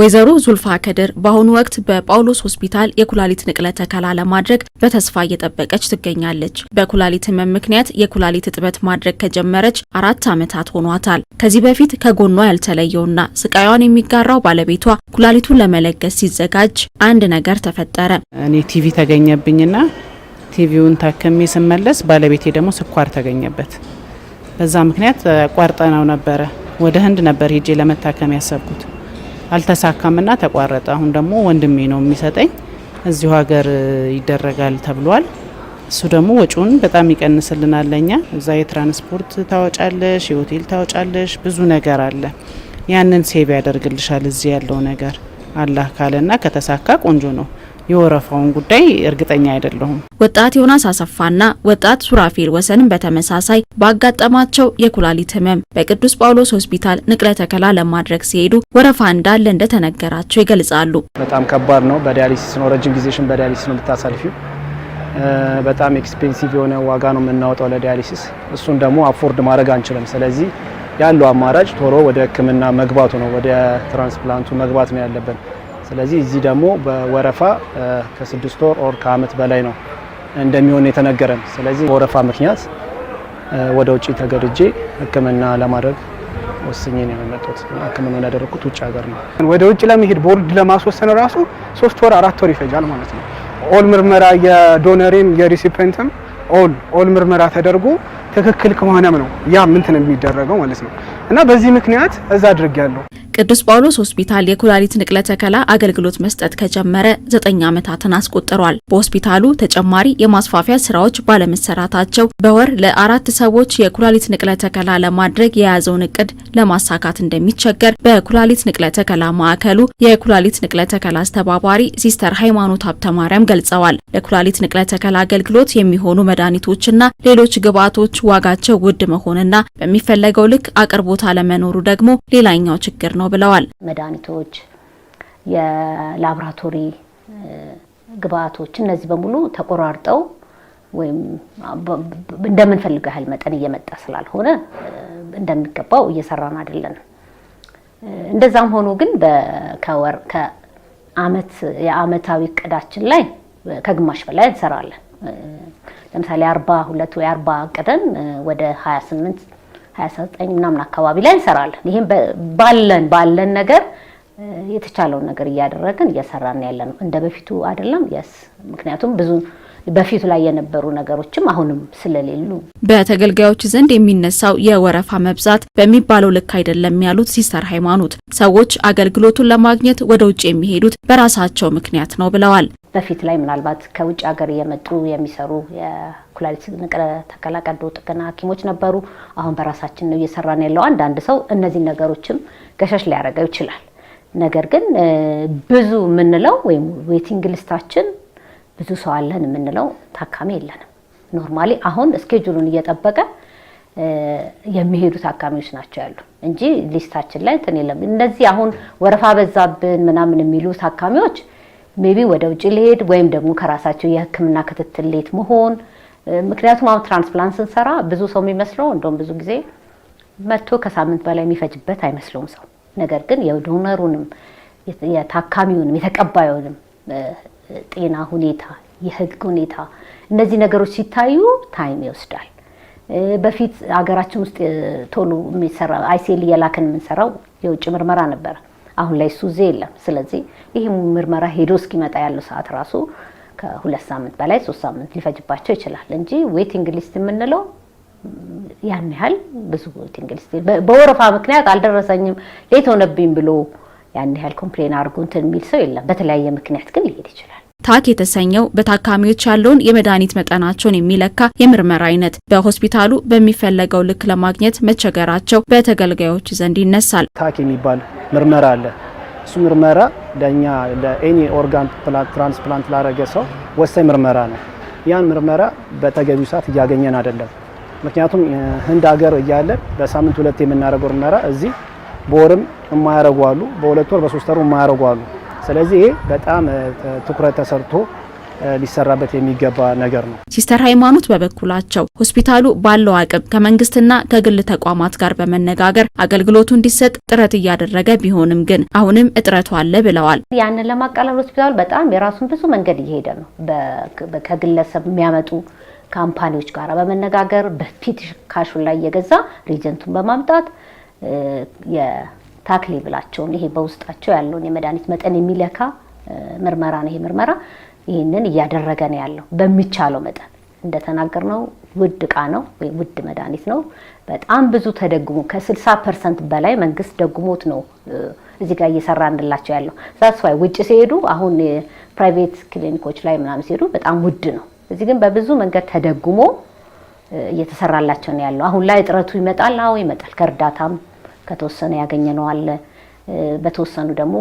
ወይዘሮ ዙልፋ ከድር በአሁኑ ወቅት በጳውሎስ ሆስፒታል የኩላሊት ንቅለ ተከላ ለማድረግ በተስፋ እየጠበቀች ትገኛለች። በኩላሊት ሕመም ምክንያት የኩላሊት እጥበት ማድረግ ከጀመረች አራት ዓመታት ሆኗታል። ከዚህ በፊት ከጎኗ ያልተለየውና ስቃዩን የሚጋራው ባለቤቷ ኩላሊቱን ለመለገስ ሲዘጋጅ አንድ ነገር ተፈጠረ። እኔ ቲቪ ተገኘብኝና ቲቪውን ታክሜ ስመለስ ባለቤቴ ደግሞ ስኳር ተገኘበት። በዛ ምክንያት ቋርጠ ነው ነበረ ወደ ህንድ ነበር ሄጄ ለመታከም ያሰብኩት አልተሳካምና ተቋረጠ። አሁን ደግሞ ወንድሜ ነው የሚሰጠኝ እዚሁ ሀገር ይደረጋል ተብሏል። እሱ ደግሞ ወጪውን በጣም ይቀንስልናል ለኛ። እዛ የትራንስፖርት ታወጫለሽ፣ የሆቴል ታወጫለሽ፣ ብዙ ነገር አለ። ያንን ሴቭ ያደርግልሻል እዚህ ያለው ነገር አላህ ካለና ከተሳካ ቆንጆ ነው። የወረፋውን ጉዳይ እርግጠኛ አይደለሁም። ወጣት ዮናስ አሰፋና ወጣት ሱራፌል ወሰንን በተመሳሳይ ባጋጠማቸው የኩላሊት ህመም በቅዱስ ጳውሎስ ሆስፒታል ንቅለ ተከላ ለማድረግ ሲሄዱ ወረፋ እንዳለ እንደተነገራቸው ይገልጻሉ። በጣም ከባድ ነው። በዲያሊሲስ ነው፣ ረጅም ጊዜሽን በዲያሊሲስ ነው የምታሳልፊው። በጣም ኤክስፔንሲቭ የሆነ ዋጋ ነው የምናወጣው ለዲያሊሲስ። እሱን ደግሞ አፎርድ ማድረግ አንችልም። ስለዚህ ያለው አማራጭ ቶሎ ወደ ህክምና መግባቱ ነው፣ ወደ ትራንስፕላንቱ መግባት ነው ያለብን። ስለዚህ እዚህ ደግሞ በወረፋ ከስድስት ወር ኦር ከአመት በላይ ነው እንደሚሆን የተነገረን። ስለዚህ በወረፋ ምክንያት ወደ ውጭ ተገድጄ ሕክምና ለማድረግ ወስኜ ነው የመጡት። ሕክምና ያደረኩት ውጭ ሀገር ነው። ወደ ውጭ ለመሄድ ቦርድ ለማስወሰን ራሱ ሶስት ወር አራት ወር ይፈጃል ማለት ነው። ኦል ምርመራ የዶነሬም የሪሲፐንትም ኦል ኦል ምርመራ ተደርጎ ትክክል ከሆነም ነው ያ ምንትን የሚደረገው ማለት ነው። እና በዚህ ምክንያት እዛ አድርጌያለሁ። ቅዱስ ጳውሎስ ሆስፒታል የኩላሊት ንቅለ ተከላ አገልግሎት መስጠት ከጀመረ ዘጠኝ ዓመታትን አስቆጥሯል። በሆስፒታሉ ተጨማሪ የማስፋፊያ ስራዎች ባለመሰራታቸው በወር ለአራት ሰዎች የኩላሊት ንቅለ ተከላ ለማድረግ የያዘውን እቅድ ለማሳካት እንደሚቸገር በኩላሊት ንቅለ ተከላ ማዕከሉ የኩላሊት ንቅለ ተከላ አስተባባሪ ሲስተር ሃይማኖት ሀብተማርያም ገልጸዋል። ለኩላሊት ንቅለ ተከላ አገልግሎት የሚሆኑ መድኃኒቶችና ሌሎች ግብዓቶች ዋጋቸው ውድ መሆንና በሚፈለገው ልክ አቅርቦት አለመኖሩ ደግሞ ሌላኛው ችግር ነው ነው ብለዋል። መድኃኒቶች፣ የላብራቶሪ ግብአቶች እነዚህ በሙሉ ተቆራርጠው ወይም እንደምንፈልገው ያህል መጠን እየመጣ ስላልሆነ እንደሚገባው እየሰራን አይደለንም። እንደዛም ሆኖ ግን ከወር ከአመት የአመታዊ እቅዳችን ላይ ከግማሽ በላይ እንሰራለን። ለምሳሌ አርባ ሁለት ወይ አርባ ቅደን ወደ ሀያ ስምንት 29 ምናምን አካባቢ ላይ እንሰራለን። ይህም ባለን ባለን ነገር የተቻለውን ነገር እያደረግን እየሰራን ያለ ነው። እንደ በፊቱ አይደለም። የስ ምክንያቱም ብዙ በፊቱ ላይ የነበሩ ነገሮችም አሁንም ስለሌሉ በተገልጋዮች ዘንድ የሚነሳው የወረፋ መብዛት በሚባለው ልክ አይደለም ያሉት ሲስተር ሃይማኖት ሰዎች አገልግሎቱን ለማግኘት ወደ ውጭ የሚሄዱት በራሳቸው ምክንያት ነው ብለዋል። በፊት ላይ ምናልባት ከውጭ ሀገር እየመጡ የሚሰሩ የኩላሊት ንቅለ ተከላ ቀዶ ጥገና ሐኪሞች ነበሩ። አሁን በራሳችን ነው እየሰራን ያለው። አንዳንድ ሰው እነዚህ ነገሮችም ገሸሽ ሊያደርገው ይችላል። ነገር ግን ብዙ የምንለው ወይም ዌቲንግ ሊስታችን ብዙ ሰው አለን የምንለው ታካሚ የለንም። ኖርማሊ አሁን እስኬጁሉን እየጠበቀ የሚሄዱ ታካሚዎች ናቸው ያሉ እንጂ ሊስታችን ላይ እንትን የለም። እነዚህ አሁን ወረፋ በዛብን ምናምን የሚሉ ታካሚዎች ሜቢ ወደ ውጭ ሊሄድ ወይም ደግሞ ከራሳቸው የህክምና ክትትል ሌት መሆን ምክንያቱም አሁን ትራንስፕላንት ስንሰራ ብዙ ሰው የሚመስለው እንደውም ብዙ ጊዜ መቶ ከሳምንት በላይ የሚፈጅበት አይመስለውም ሰው ነገር ግን የዶነሩንም የታካሚውንም የተቀባዩንም ጤና ሁኔታ፣ የህግ ሁኔታ እነዚህ ነገሮች ሲታዩ ታይም ይወስዳል። በፊት ሀገራችን ውስጥ ቶሎ የሚሰራ አይሴል እየላክን የምንሰራው የውጭ ምርመራ ነበረ። አሁን ላይ እሱ እዚህ የለም። ስለዚህ ይህ ምርመራ ሄዶ እስኪመጣ ያለው ሰዓት ራሱ ከሁለት ሳምንት በላይ ሶስት ሳምንት ሊፈጅባቸው ይችላል እንጂ ዌቲንግ ሊስት የምንለው ያን ያህል ብዙ ዌቲንግ ሊስት በወረፋ ምክንያት አልደረሰኝም ሌት ሆነብኝ ብሎ ያን ያህል ኮምፕሌን አድርጉ እንትን የሚል ሰው የለም። በተለያየ ምክንያት ግን ሊሄድ ይችላል። ታክ የተሰኘው በታካሚዎች ያለውን የመድኃኒት መጠናቸውን የሚለካ የምርመራ አይነት በሆስፒታሉ በሚፈለገው ልክ ለማግኘት መቸገራቸው በተገልጋዮች ዘንድ ይነሳል። ታክ የሚባል ምርመራ አለ። እሱ ምርመራ ለእኛ ለኤኒ ኦርጋን ትራንስፕላንት ላረገ ሰው ወሳኝ ምርመራ ነው። ያን ምርመራ በተገቢው ሰዓት እያገኘን አይደለም። ምክንያቱም ህንድ ሀገር እያለን በሳምንት ሁለት የምናደርገው ምርመራ እዚህ በወርም የማያረጉ አሉ፣ በሁለት ወር በሶስት ወር የማያረጉ አሉ። ስለዚህ ይሄ በጣም ትኩረት ተሰርቶ ሊሰራበት የሚገባ ነገር ነው። ሲስተር ሃይማኖት በበኩላቸው ሆስፒታሉ ባለው አቅም ከመንግስትና ከግል ተቋማት ጋር በመነጋገር አገልግሎቱ እንዲሰጥ ጥረት እያደረገ ቢሆንም ግን አሁንም እጥረቱ አለ ብለዋል። ያንን ለማቃለል ሆስፒታሉ በጣም የራሱን ብዙ መንገድ እየሄደ ነው። ከግለሰብ የሚያመጡ ካምፓኒዎች ጋር በመነጋገር በፊት ካሹን ላይ እየገዛ ሪጀንቱን በማምጣት የታክ ሌብላቸውን ይሄ በውስጣቸው ያለውን የመድኃኒት መጠን የሚለካ ምርመራ ነው። ይሄ ምርመራ ይህንን እያደረገ ነው ያለው በሚቻለው መጠን እንደተናገር ነው ውድ እቃ ነው ወይም ውድ መድኃኒት ነው። በጣም ብዙ ተደግሞ ከ60 ፐርሰንት በላይ መንግስት ደግሞት ነው እዚህ ጋር እየሰራ እንላቸው ያለው ዛስፋይ ውጭ ሲሄዱ አሁን ፕራይቬት ክሊኒኮች ላይ ምናምን ሲሄዱ በጣም ውድ ነው። እዚህ ግን በብዙ መንገድ ተደግሞ እየተሰራላቸው ነው ያለው። አሁን ላይ እጥረቱ ይመጣል። አዎ ይመጣል። ከእርዳታም ከተወሰነ ያገኘ ነው አለ። በተወሰኑ ደግሞ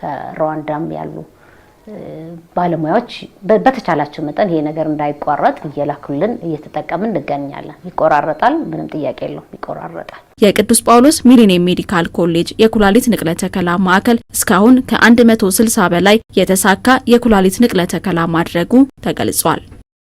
ከሩዋንዳም ያሉ ባለሙያዎች በተቻላቸው መጠን ይሄ ነገር እንዳይቋረጥ እየላኩልን እየተጠቀምን እንገኛለን። ይቆራረጣል፣ ምንም ጥያቄ የለውም፣ ይቆራረጣል። የቅዱስ ጳውሎስ ሚሊኒየም ሜዲካል ኮሌጅ የኩላሊት ንቅለ ተከላ ማዕከል እስካሁን ከ160 በላይ የተሳካ የኩላሊት ንቅለ ተከላ ማድረጉ ተገልጿል።